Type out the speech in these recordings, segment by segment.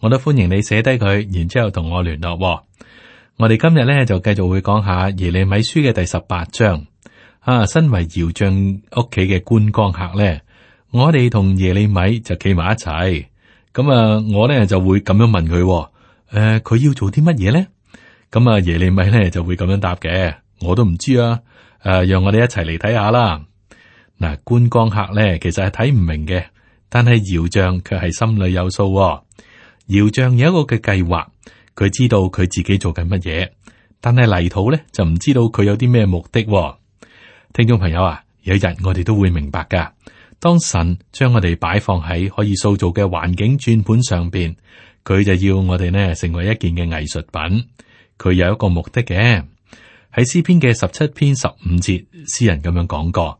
我都歡迎你寫低佢，然之後同我聯絡、哦。我哋今日咧就繼續會講下耶利米書嘅第十八章。啊，身為窯匠屋企嘅觀光客咧，我哋同耶利米就企埋一齊。咁啊，我咧就會咁樣問佢、哦，誒、啊，佢要做啲乜嘢咧？咁啊，耶利米咧就會咁樣答嘅。我都唔知啊。誒、啊，讓我哋一齊嚟睇下啦。嗱、啊，觀光客咧其實係睇唔明嘅，但係窯匠卻係心裏有數、哦。窯匠有一個嘅計劃，佢知道佢自己做緊乜嘢，但係泥土咧就唔知道佢有啲咩目的、哦。聽眾朋友啊，有一日我哋都會明白噶。當神將我哋擺放喺可以塑造嘅環境轉盤上邊，佢就要我哋呢成為一件嘅藝術品。佢有一個目的嘅。喺詩篇嘅十七篇十五節，詩人咁樣講過：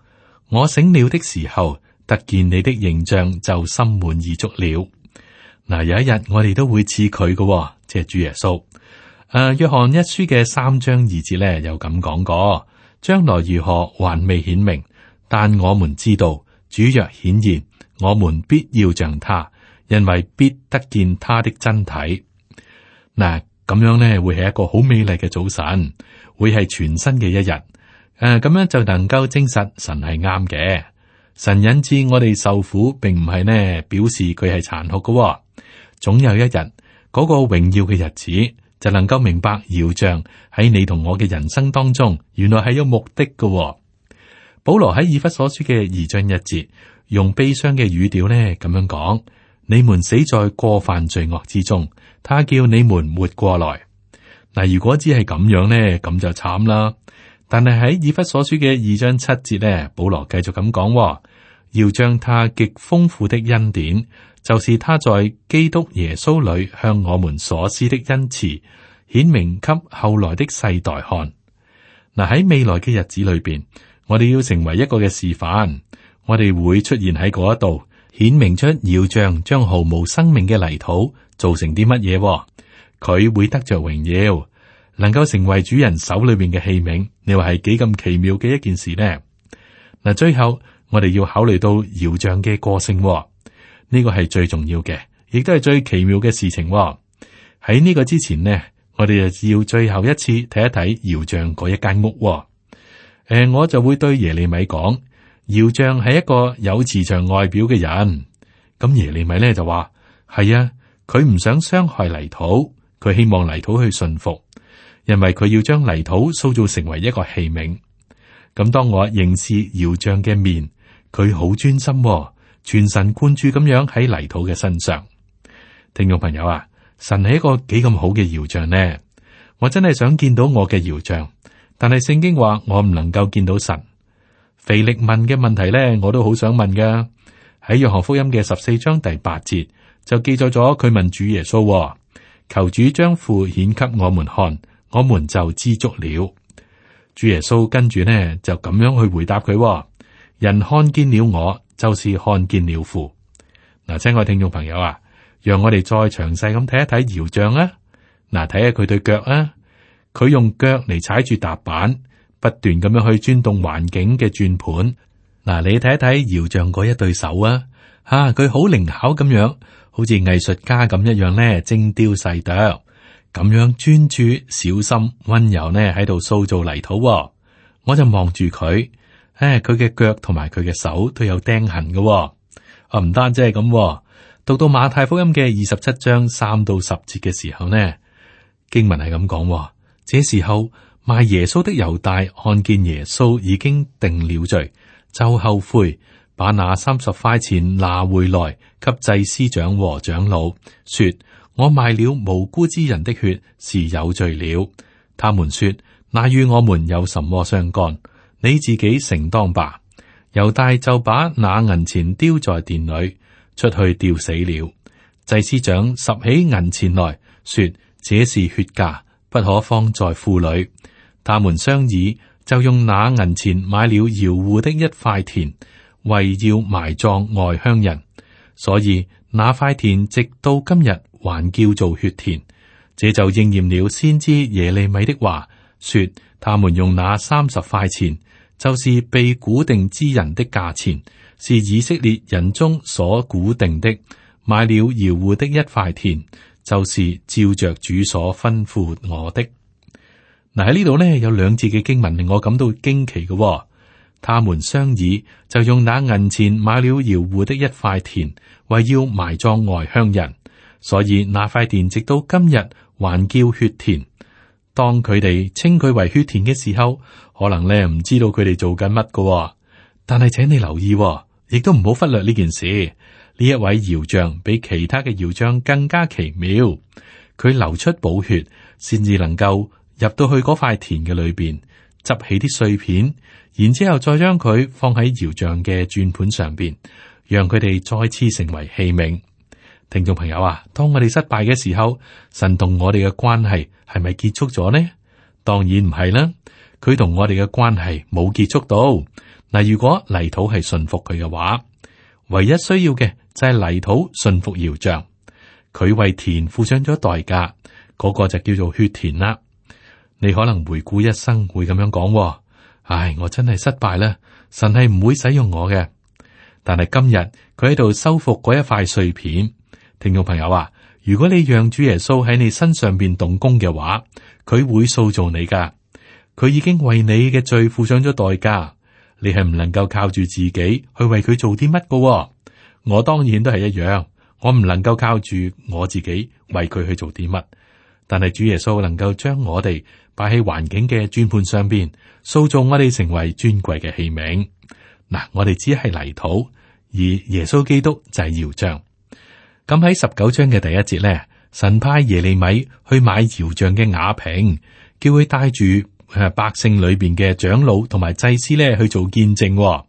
我醒了的時候，得見你的形象，就心滿意足了。嗱、啊，有一日我哋都會似佢嘅，即、就、係、是、主耶穌。誒、啊，約翰一書嘅三章二節咧，有咁講過：將來如何，還未顯明，但我們知道，主若顯現，我們必要像他，因為必得見他的真體。嗱、啊，咁樣呢會係一個好美麗嘅早晨，會係全新嘅一日。誒、啊，咁樣就能夠證實神係啱嘅。神引致我哋受苦並，並唔係呢表示佢係殘酷嘅、哦。總有一日，嗰個榮耀嘅日子就能夠明白，饒像喺你同我嘅人生當中，原來係有目的嘅、哦。保羅喺以弗所書嘅二章一節，用悲傷嘅語調呢咁樣講：你們死在過犯罪惡之中，他叫你們活過來。嗱，如果只係咁樣呢，咁就慘啦。但係喺以弗所書嘅二章七節呢，保羅繼續咁講：要將他極豐富的恩典。就是他在基督耶穌裏向我們所施的恩慈，顯明給後來的世代看。嗱、啊、喺未來嘅日子裏邊，我哋要成為一個嘅示範，我哋會出現喺嗰一度，顯明出窯匠將毫無生命嘅泥土做成啲乜嘢？佢會得着榮耀，能夠成為主人手裏邊嘅器皿。你話係幾咁奇妙嘅一件事咧？嗱、啊，最後我哋要考慮到窯匠嘅個性。啊呢個係最重要嘅，亦都係最奇妙嘅事情、哦。喺呢個之前呢，我哋就要最後一次睇一睇窯匠嗰一間屋、哦。誒、呃，我就會對耶利米講：窯匠係一個有慈祥外表嘅人。咁、嗯、耶利米咧就話：係啊，佢唔想傷害泥土，佢希望泥土去順服，因為佢要將泥土塑造成為一個器皿。咁、嗯、當我認識窯匠嘅面，佢好專心、哦。全神貫注咁樣喺泥土嘅身上，聽眾朋友啊，神係一個幾咁好嘅搖像呢？我真係想見到我嘅搖像，但係聖經話我唔能夠見到神。腓力問嘅問題呢，我都好想問噶。喺約翰福音嘅十四章第八節就記載咗佢問主耶穌、哦：，求主將父顯給我們看，我們就知足了。主耶穌跟住呢，就咁樣去回答佢、哦：，人看見了我。就是看見了父。嗱、啊，親愛的聽眾朋友啊，讓我哋再詳細咁睇一睇窯匠啊。嗱，睇下佢對腳啊，佢、啊、用腳嚟踩住踏板，不斷咁樣去轉動環境嘅轉盤。嗱、啊，你睇一睇窯匠嗰一對手啊，吓佢好靈巧咁樣，好似藝術家咁一樣咧，精雕細琢，咁樣專注、小心、溫柔呢喺度塑造泥土。我就望住佢。誒，佢嘅腳同埋佢嘅手都有釘痕嘅喎，啊唔單止係咁，讀到馬太福音嘅二十七章三到十節嘅時候呢，經文係咁講，這時候賣耶穌的猶大看見耶穌已經定了罪，就後悔，把那三十塊錢拿回來給祭司長和長老，說：我賣了無辜之人的血是有罪了。他們說：那與我們有什麼相干？你自己承當吧。猶大就把那銀錢丟在殿裏，出去吊死了。祭司長拾起銀錢來說：這是血價，不可放在庫裏。他們商議，就用那銀錢買了窯戶的一塊田，為要埋葬外鄉人。所以那塊田直到今日還叫做血田。這就應驗了先知耶利米的話，說。他們用那三十塊錢，就是被估定之人的價錢，是以色列人中所估定的，買了窯戶的一塊田，就是照着主所吩咐我的。嗱喺呢度呢，有兩節嘅經文令我感到驚奇嘅、哦，他們商議就用那銀錢買了窯戶的一塊田，為要埋葬外鄉人，所以那塊田直到今日還叫血田。當佢哋稱佢為血田嘅時候，可能咧唔知道佢哋做緊乜嘅。但係請你留意、哦，亦都唔好忽略呢件事。呢一位窯匠比其他嘅窯匠更加奇妙，佢流出寶血，先至能夠入到去嗰塊田嘅裏邊，執起啲碎片，然之後再將佢放喺窯匠嘅轉盤上邊，讓佢哋再次成為器皿。聽眾朋友啊，當我哋失敗嘅時候，神同我哋嘅關係係咪結束咗呢？當然唔係啦，佢同我哋嘅關係冇結束到。嗱，如果泥土係順服佢嘅話，唯一需要嘅就係泥土順服窯匠。佢為田付上咗代價，嗰個就叫做血田啦。你可能回顧一生會咁樣講喎，唉，我真係失敗啦，神係唔會使用我嘅。但係今日佢喺度修復嗰一塊碎片。聽眾朋友啊，如果你讓主耶穌喺你身上邊動工嘅話，佢會塑造你噶。佢已經為你嘅罪付上咗代價，你係唔能夠靠住自己去為佢做啲乜噶。我當然都係一樣，我唔能夠靠住我自己為佢去做啲乜。但係主耶穌能夠將我哋擺喺環境嘅轉盤上邊，塑造我哋成為尊貴嘅器皿。嗱，我哋只係泥土，而耶穌基督就係窯匠。咁喺十九章嘅第一節咧，神派耶利米去買窯像嘅瓦瓶，叫佢帶住百姓裏邊嘅長老同埋祭司咧去做見證，哦。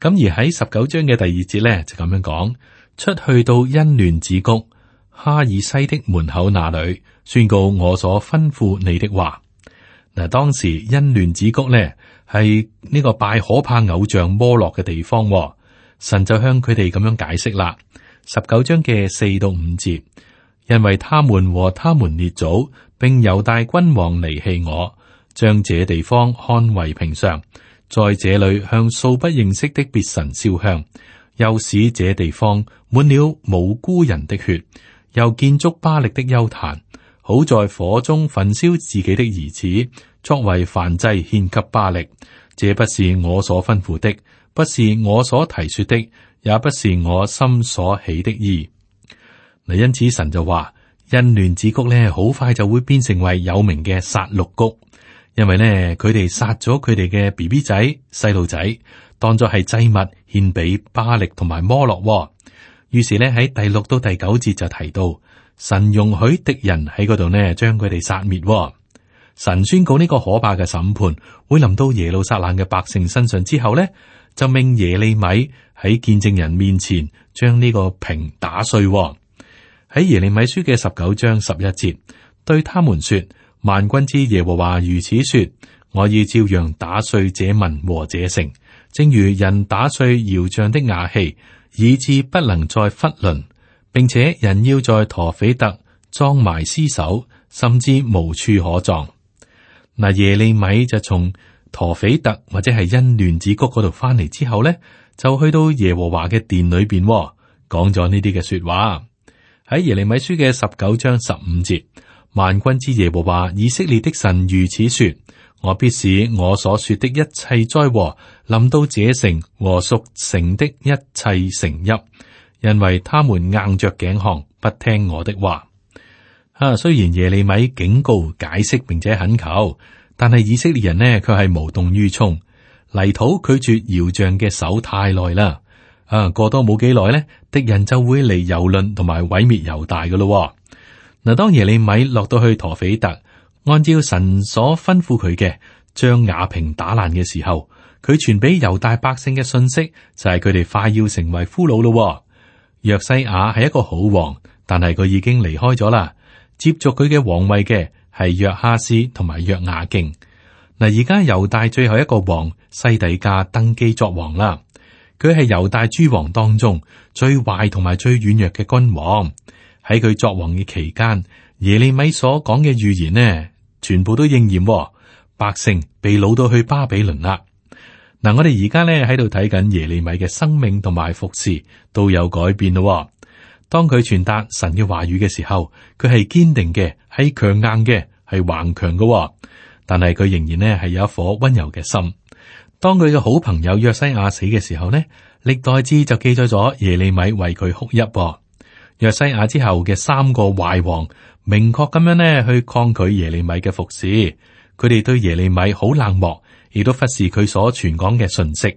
咁而喺十九章嘅第二節咧就咁樣講，出去到欣嫩子谷哈珥西的門口那裏，宣告我所吩咐你的話嗱。當時欣嫩子谷咧係呢個拜可怕偶像摩洛嘅地方，哦，神就向佢哋咁樣解釋啦。十九章嘅四到五節，因為他們和他們列祖，並猶大君王離棄我，將這地方看為平常，在這裏向素不認識的別神燒香，又使這地方滿了無辜人的血，又建築巴力的丘壇，好在火中焚燒自己的兒子，作為燔祭獻給巴力。這不是我所吩咐的，不是我所提說的。也不是我心所起的意，嗱，因此神就話因嫩子谷咧，好快就會變成為有名嘅殺戮谷，因為咧佢哋殺咗佢哋嘅 BB 仔細路仔，當作係祭物獻俾巴力同埋摩洛，哦。於是咧喺第六到第九節就提到神容許敵人喺嗰度呢，將佢哋殺滅，哦。神宣告呢個可怕嘅審判會臨到耶路撒冷嘅百姓身上之後呢，就命耶利米。喺見證人面前將呢個瓶打碎、哦。喺耶利米書嘅十九章十一節，對他們說：萬軍之耶和華如此說，我要照樣打碎這民和這城，正如人打碎窯匠的瓦器，以致不能再囫圇，並且人要在陀斐特裝埋屍首，甚至無處可葬。嗱，耶利米就從陀斐特或者係欣嫩子谷嗰度翻嚟，之後呢。就去到耶和華嘅殿裏邊，講咗呢啲嘅說話。喺耶利米書嘅十九章十五節，萬軍之耶和華以色列的神如此說：我必使我所說的一切災禍臨到這城和屬城的一切城邑，因為他們硬着頸項，不聽我的話。啊，雖然耶利米警告、解釋並且懇求，但係以色列人呢，却係無動於衷。泥土拒絕窯匠嘅手太耐啦，啊，過多冇幾耐呢，敵人就會嚟蹂躪同埋毀滅猶大噶咯。嗱、啊，當耶利米落到去陀斐特，按照神所吩咐佢嘅，將瓦瓶打爛嘅時候，佢傳俾猶大百姓嘅信息就係佢哋快要成為俘虜咯。約西亞係一個好王，但係佢已經離開咗啦，接續佢嘅皇位嘅係約哈斯同埋約雅敬。嗱，而家猶大最後一個王西底家登基作王啦。佢係猶大諸王當中最壞同埋最軟弱嘅君王。喺佢作王嘅期間，耶利米所講嘅預言呢，全部都應驗。百姓被擄到去巴比倫啦。嗱，我哋而家呢喺度睇緊耶利米嘅生命同埋服侍都有改變咯。當佢傳達神嘅話語嘅時候，佢係堅定嘅，係強硬嘅，係頑強嘅。但係佢仍然咧，係有一顆溫柔嘅心。當佢嘅好朋友約西亞死嘅時候呢，歷代志就記載咗耶利米為佢哭泣。約西亞之後嘅三個壞王明確咁樣咧，去抗拒耶利米嘅服侍，佢哋對耶利米好冷漠，亦都忽視佢所傳講嘅訊息。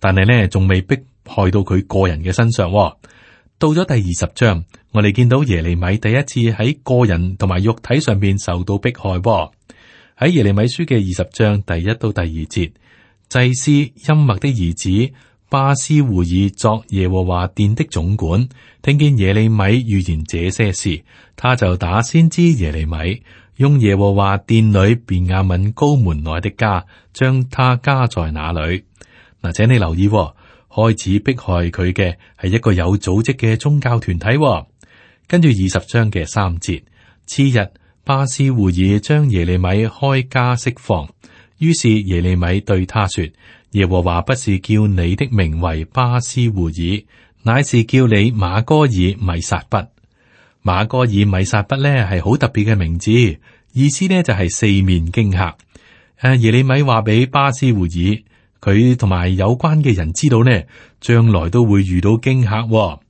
但係呢，仲未迫害到佢個人嘅身上。到咗第二十章，我哋見到耶利米第一次喺個人同埋肉體上邊受到迫害。喺耶利米書嘅二十章第一到第二節，祭司音麥的兒子巴斯胡爾作耶和華殿的總管，聽見耶利米預言這些事，他就打先知耶利米，用耶和華殿裏便雅憫高門內的枷，將他枷在那裏。嗱，請你留意、哦，開始迫害佢嘅係一個有組織嘅宗教團體、哦。跟住二十章嘅三節，次日。巴斯胡爾將耶利米開枷釋放，於是耶利米對他說：耶和華不是叫你的名為巴斯胡爾，乃是叫你馬哥爾米撒畢。馬哥爾米撒畢呢係好特別嘅名字，意思呢就係、是、四面驚嚇。誒、啊、耶利米話俾巴斯胡爾佢同埋有關嘅人知道呢，將來都會遇到驚嚇、哦。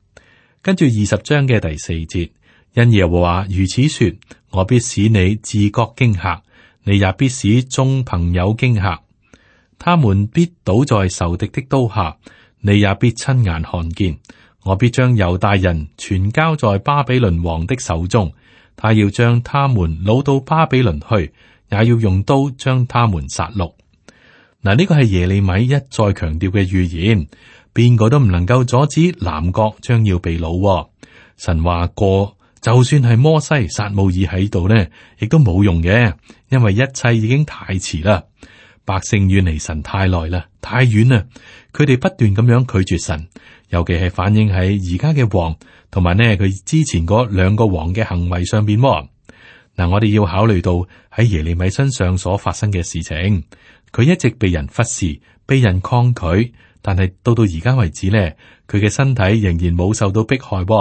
跟住二十章嘅第四節。因耶和華如此說：我必使你自覺驚嚇，你也必使眾朋友驚嚇，他們必倒在仇敵的刀下，你也必親眼看見。我必將猶大人全交在巴比倫王的手中，他要將他們擄到巴比倫去，也要用刀將他們殺戮。嗱，呢個係耶利米一再強調嘅預言，邊個都唔能夠阻止南國將要被擄。神話過。就算係摩西、撒母耳喺度呢，亦都冇用嘅，因為一切已經太遲啦。百姓遠離神太耐啦，太遠啦，佢哋不斷咁樣拒絕神，尤其係反映喺而家嘅王，同埋呢佢之前嗰兩個王嘅行為上邊。嗱、嗯，我哋要考慮到喺耶利米身上所發生嘅事情，佢一直被人忽視、被人抗拒，但係到到而家為止呢，佢嘅身體仍然冇受到迫害。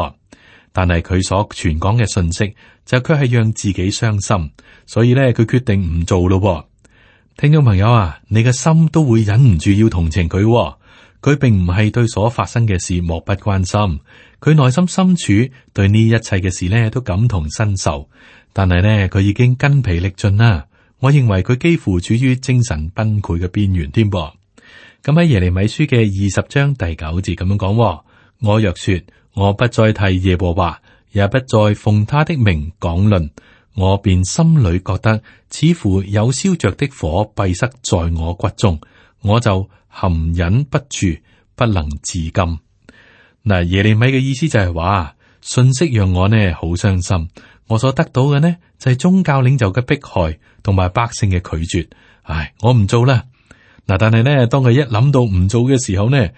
但係佢所傳講嘅信息就卻、是、係讓自己傷心，所以咧佢決定唔做咯。聽眾朋友啊，你嘅心都會忍唔住要同情佢、哦。佢並唔係對所發生嘅事漠不關心，佢內心深處對呢一切嘅事呢都感同身受。但係呢佢已經筋疲力盡啦，我認為佢幾乎處於精神崩潰嘅邊緣添。咁喺耶利米書嘅二十章第九節咁樣講：我若說。我不再提耶和華，也不再奉他的名講論，我便心裏覺得似乎有燒着的火閉塞在我骨中，我就含忍不住，不能自禁。嗱，耶利米嘅意思就係話，信息讓我呢好傷心，我所得到嘅呢就係宗教領袖嘅迫害同埋百姓嘅拒絕。唉，我唔做啦。嗱，但係呢，當佢一諗到唔做嘅時候呢？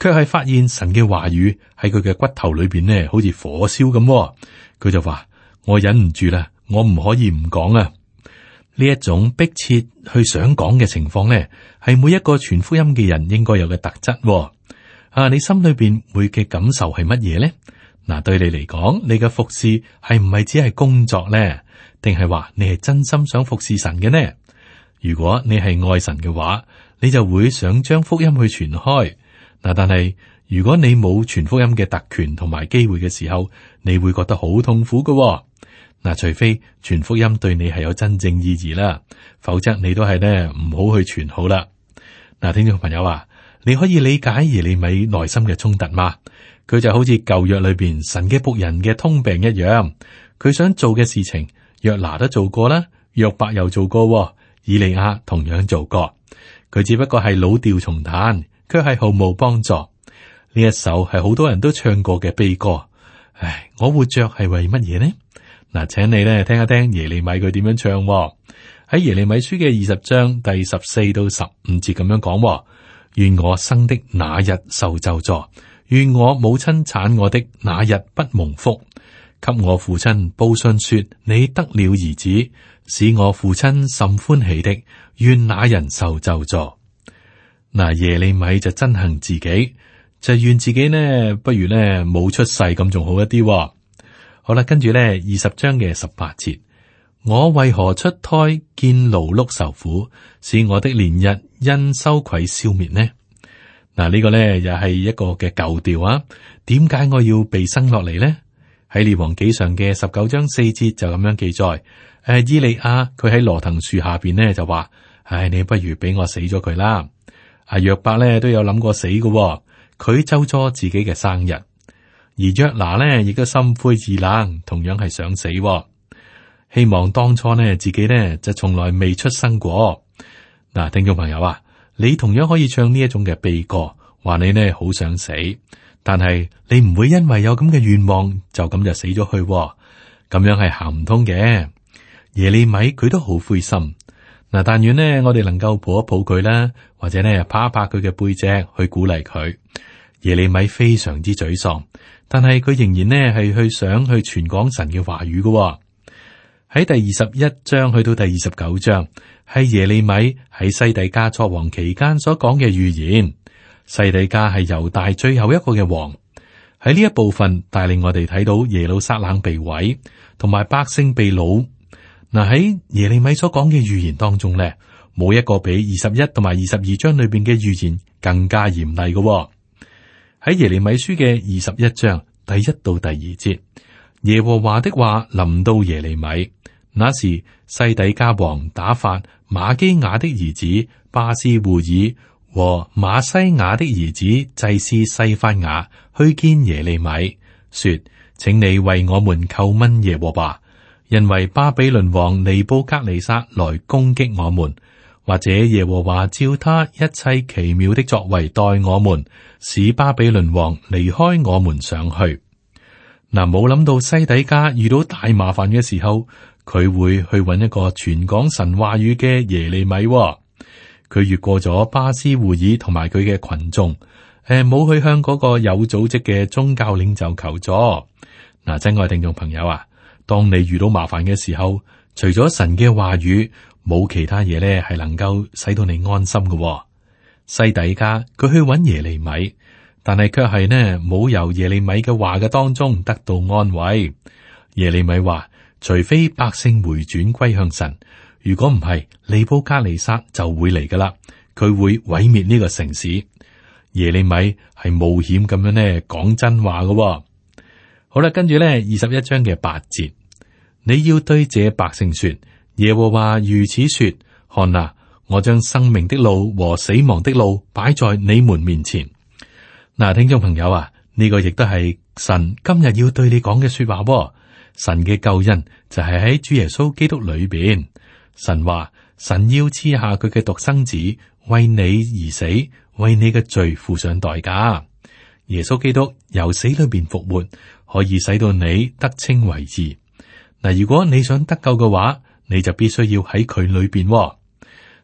卻係發現神嘅話語喺佢嘅骨頭裏邊咧，好似火燒咁、哦。佢就話：我忍唔住啦，我唔可以唔講啊。呢一種迫切去想講嘅情況呢，係每一個傳福音嘅人應該有嘅特質、哦。啊，你心裏邊會嘅感受係乜嘢呢？嗱、啊，對你嚟講，你嘅服侍係唔係只係工作呢？定係話你係真心想服侍神嘅呢？如果你係愛神嘅話，你就會想將福音去傳開。嗱，但係如果你冇傳福音嘅特權同埋機會嘅時候，你會覺得好痛苦嘅。嗱，除非傳福音對你係有真正意義啦，否則你都係咧唔好去傳好啦。嗱，聽眾朋友啊，你可以理解耶利米內心嘅衝突嗎？佢就好似舊約裏邊神嘅僕人嘅通病一樣，佢想做嘅事情，若拿都做過啦，若伯又做過，以利亞同樣做過，佢只不過係老調重彈。卻係毫無幫助。呢一首係好多人都唱過嘅悲歌。唉，我活着係為乜嘢呢？嗱，請你咧聽一聽耶利米佢點樣唱、哦。喺耶利米書嘅二十章第十四到十五節咁樣講、哦：願我生的那日受咒詛，願我母親產我的那日不蒙福；給我父親報信說你得了兒子，使我父親甚歡喜的；願那人受咒詛。」嗱、啊，耶利米就憎恨自己，就怨自己呢，不如呢冇出世咁仲好一啲、哦。好啦，跟住呢二十章嘅十八節，我為何出胎見勞碌受苦，使我的年日因羞愧消滅呢？嗱、啊，呢、這個呢又係一個嘅舊調啊。點解我要被生落嚟呢？喺列王紀上嘅十九章四節就咁樣記載。誒、啊，伊利亞佢喺羅藤樹下邊呢就話：「唉、哎，你不如俾我死咗佢啦。阿約、啊、伯咧都有諗過死嘅、哦，佢周初自己嘅生日，而約拿咧亦都心灰意冷，同樣係想死、哦，希望當初咧自己咧就從來未出生過。嗱、啊，聽眾朋友啊，你同樣可以唱呢一種嘅悲歌，話你呢好想死，但係你唔會因為有咁嘅願望就咁就死咗去、哦，咁樣係行唔通嘅。耶利米佢都好灰心。嗱，但願呢，我哋能夠抱一抱佢啦，或者呢，拍一拍佢嘅背脊去鼓勵佢。耶利米非常之沮喪，但係佢仍然呢係去想去傳講神嘅話語嘅。喺第二十一章去到第二十九章，係耶利米喺西底家作王期間所講嘅預言。西底家係猶大最後一個嘅王。喺呢一部分帶領我哋睇到耶路撒冷被毀，同埋百姓被擄。嗱喺耶利米所講嘅預言當中咧，冇一個比二十一同埋二十二章裏邊嘅預言更加嚴厲嘅、哦。喺耶利米書嘅二十一章第一到第二節，耶和華的話臨到耶利米，那時細底加王打發瑪基雅的兒子巴斯胡爾和瑪西雅的兒子祭司西番雅去見耶利米，說：請你為我們叩問耶和華。因為巴比倫王尼布甲尼撒來攻擊我們，或者耶和華照他一切奇妙的作為待我們，使巴比倫王離開我們上去。嗱，冇諗到西底家遇到大麻煩嘅時候，佢會去揾一個全講神話語嘅耶利米。佢越過咗巴施戶珥同埋佢嘅群眾，誒，冇去向嗰個有組織嘅宗教領袖求助。嗱，真愛聽眾朋友啊！當你遇到麻煩嘅時候，除咗神嘅話語，冇其他嘢咧係能夠使到你安心嘅、哦。西底家佢去揾耶利米，但係卻係呢冇由耶利米嘅話嘅當中得到安慰。耶利米話：除非百姓回轉歸向神，如果唔係，尼布甲尼撒就會嚟噶啦，佢會毀滅呢個城市。耶利米係冒險咁樣呢講真話嘅、哦。好啦，跟住呢二十一章嘅八節。你要對這百姓說：耶和華如此說，看啊，我將生命的路和死亡的路擺在你們面前。嗱，聽眾朋友啊，呢個亦都係神今日要對你講嘅說話。神嘅救恩就係喺主耶穌基督裏邊。神話神要差下佢嘅獨生子為你而死，為你嘅罪付上代價。耶穌基督由死裏邊復活，可以使到你得稱為義。嗱，如果你想得救嘅話，你就必須要喺佢裏邊、哦。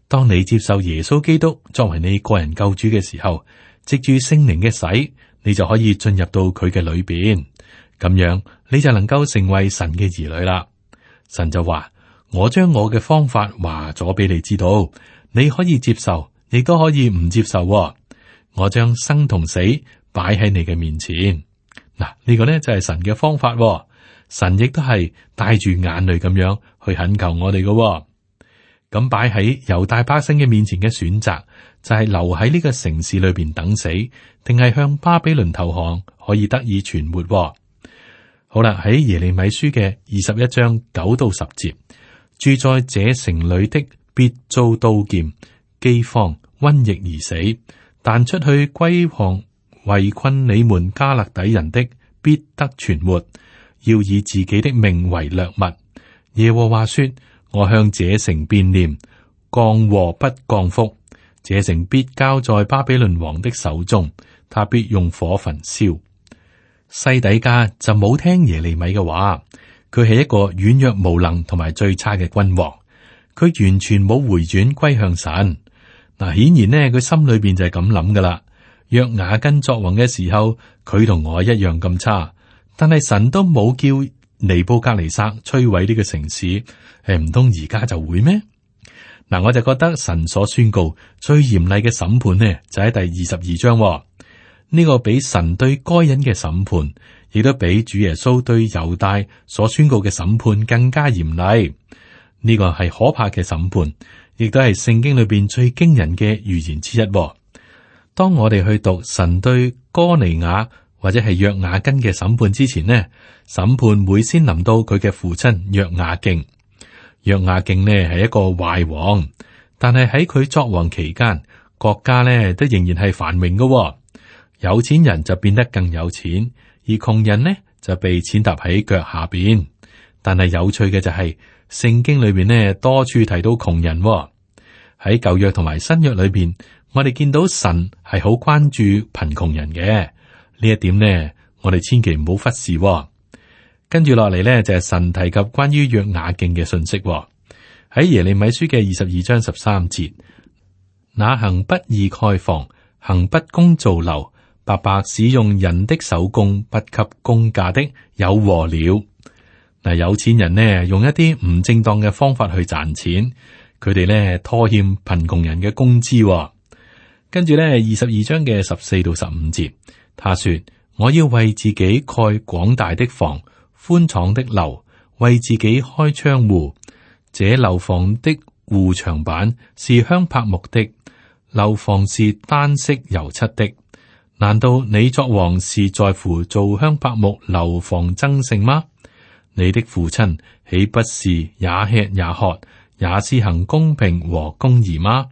當你接受耶穌基督作為你個人救主嘅時候，藉住聖靈嘅洗，你就可以進入到佢嘅裏邊。咁樣你就能夠成為神嘅兒女啦。神就話：我將我嘅方法話咗俾你知道，你可以接受，你都可以唔接受、哦。我將生同死擺喺你嘅面前。嗱，呢個咧就係神嘅方法、哦。神亦都係帶住眼淚咁樣去懇求我哋嘅，哦。咁擺喺猶大百姓嘅面前嘅選擇就係、是、留喺呢個城市裏邊等死，定係向巴比倫投降可以得以存活，哦。好啦，喺耶利米書嘅二十一章九到十節，住在這城裏的必遭刀劍饑荒瘟疫而死；但出去歸降圍困你們加勒底人的，必得存活。要以自己的命為掠物。耶和華說：我向這城變念降禍不降福，這城必交在巴比倫王的手中，他必用火焚燒。西底家就冇聽耶利米嘅話，佢係一個軟弱無能同埋最差嘅君王，佢完全冇回轉歸向神。嗱，顯然呢，佢心裏邊就係咁諗噶啦。若雅根作王嘅時候，佢同我一樣咁差。但係神都冇叫尼布甲尼撒摧毀呢個城市，誒唔通而家就會咩？嗱，我就覺得神所宣告最嚴厲嘅審判呢，就喺第二十二章。呢個比神對該人嘅審判，亦都比主耶穌對猶大所宣告嘅審判更加嚴厲。呢個係可怕嘅審判，亦都係聖經裏邊最驚人嘅預言之一。當我哋去讀神對哥尼雅。或者係約雅斤嘅審判之前呢？審判會先臨到佢嘅父親約雅敬。約雅敬呢係一個壞王，但係喺佢作王期間，國家呢都仍然係繁榮嘅，哦。有錢人就變得更有錢，而窮人呢就被踐踏喺腳下邊。但係有趣嘅就係、是、聖經裏邊呢多處提到窮人喺，哦、舊約同埋新約裏邊，我哋見到神係好關注貧窮人嘅。呢一點呢，我哋千祈唔好忽視、哦。跟住落嚟呢，就係、是、神提及關於約雅敬嘅信息喺、哦、耶利米書嘅二十二章十三節。那行不義蓋房，行不公造樓，白白使用人的手工，不給工價的有禍了。嗱，有錢人呢，用一啲唔正當嘅方法去賺錢，佢哋呢，拖欠貧窮人嘅工資、哦。跟住呢，二十二章嘅十四到十五節。他說：我要為自己蓋廣大的房、寬敞的樓，為自己開窗戶。這樓房的護牆板是香柏木的，樓房是丹色油漆的。難道你作王是在乎造香柏木樓房爭勝嗎？你的父親豈不是也吃也喝，也施行公平和公義嗎？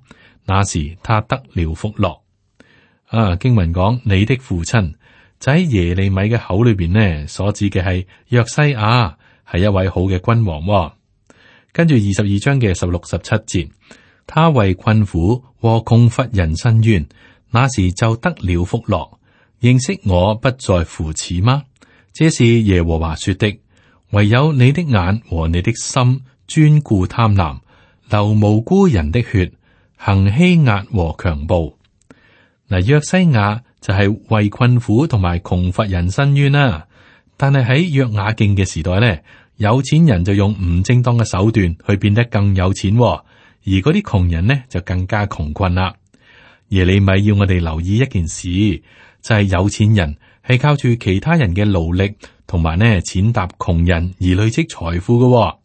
那時他得了福樂。啊經文講，你的父親，就喺耶利米嘅口裏邊呢所指嘅，係約西亞，係一位好嘅君王、哦。跟住二十二章嘅十六十七節，他為困苦和窮乏人伸冤，那時就得了福樂。認識我不在乎此嗎？這是耶和華說的。唯有你的眼和你的心專顧貪婪，流無辜人的血，行欺壓和強暴。嗱，約西亞就係為困苦同埋窮乏人伸冤啦。但係喺約雅敬嘅時代咧，有錢人就用唔正當嘅手段去變得更有錢、哦，而嗰啲窮人呢就更加窮困啦。而你咪要我哋留意一件事，就係、是、有錢人係靠住其他人嘅勞力同埋呢，踐踏窮人而累積財富嘅、哦。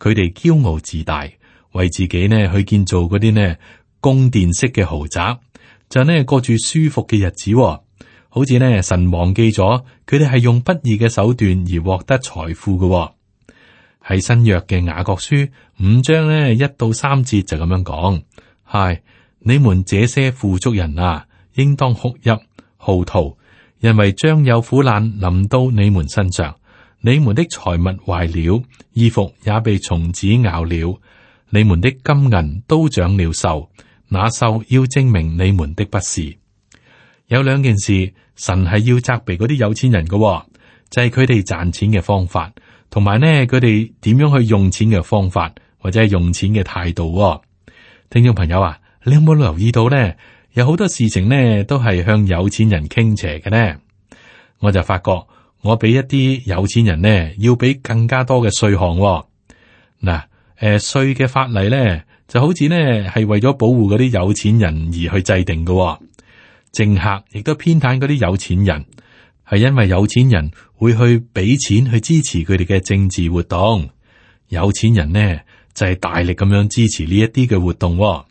佢哋驕傲自大，為自己呢去建造嗰啲呢宮殿式嘅豪宅。就呢過住舒服嘅日子、哦，好似呢神忘記咗佢哋係用不義嘅手段而獲得財富嘅、哦。喺新約嘅雅各書五章呢一到三節就咁樣講，係、哎、你們這些富足人啊，應當哭泣號啕，因為將有苦難臨到你們身上，你們的財物壞了，衣服也被蟲子咬了，你們的金銀都長了銹。那受要證明你們的不是，有兩件事，神係要責備嗰啲有錢人嘅、哦，就係佢哋賺錢嘅方法，同埋呢，佢哋點樣去用錢嘅方法，或者係用錢嘅態度、哦。聽眾朋友啊，你有冇留意到呢？有好多事情呢，都係向有錢人傾斜嘅呢。我就發覺，我俾一啲有錢人呢，要俾更加多嘅稅項。嗱。誒、呃，稅嘅法例咧，就好似呢係為咗保護嗰啲有錢人而去制定嘅、哦。政客亦都偏袒嗰啲有錢人，係因為有錢人會去俾錢去支持佢哋嘅政治活動。有錢人呢就係、是、大力咁樣支持呢一啲嘅活動、哦。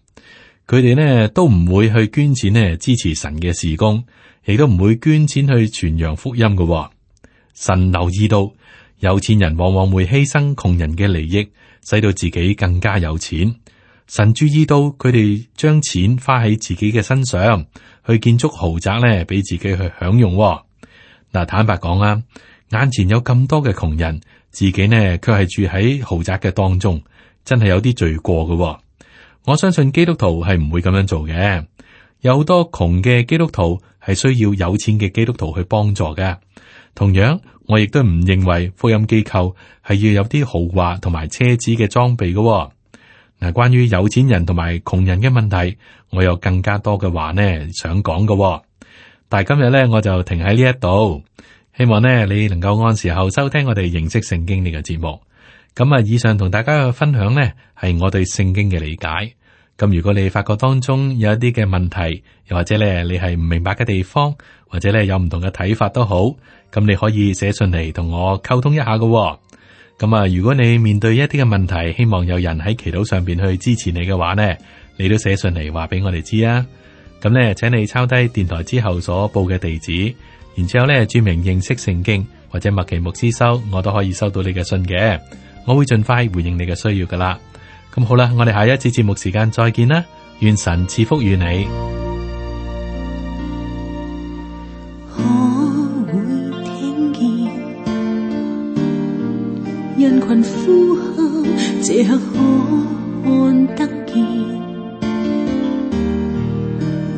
佢哋呢都唔會去捐錢呢支持神嘅事工，亦都唔會捐錢去傳揚福音嘅、哦。神留意到有錢人往往會犧牲窮人嘅利益。使到自己更加有錢，神注意到佢哋將錢花喺自己嘅身上，去建築豪宅咧，俾自己去享用喎。嗱，坦白講啊，眼前有咁多嘅窮人，自己呢卻係住喺豪宅嘅當中，真係有啲罪過嘅喎。我相信基督徒係唔會咁樣做嘅。有好多窮嘅基督徒係需要有錢嘅基督徒去幫助嘅。同樣，我亦都唔認為福音機構係要有啲豪華同埋奢侈嘅裝備嘅。嗱，關於有錢人同埋窮人嘅問題，我有更加多嘅話呢想講嘅哦。但係今日呢，我就停喺呢一度。希望呢你能夠按時候收聽我哋認識聖經呢個節目。咁啊，以上同大家嘅分享呢，係我對聖經嘅理解。咁如果你發覺當中有一啲嘅問題，又或者咧你係唔明白嘅地方，或者咧有唔同嘅睇法都好，咁你可以寫信嚟同我溝通一下嘅。咁啊，如果你面對一啲嘅問題，希望有人喺祈禱上邊去支持你嘅話呢，你都寫信嚟話俾我哋知啊。咁咧，請你抄低電台之後所報嘅地址，然之後咧注明認識聖經或者麥奇牧師收，我都可以收到你嘅信嘅，我會盡快回應你嘅需要噶啦。咁好啦，我哋下一次節目時間再見啦，願神賜福於你。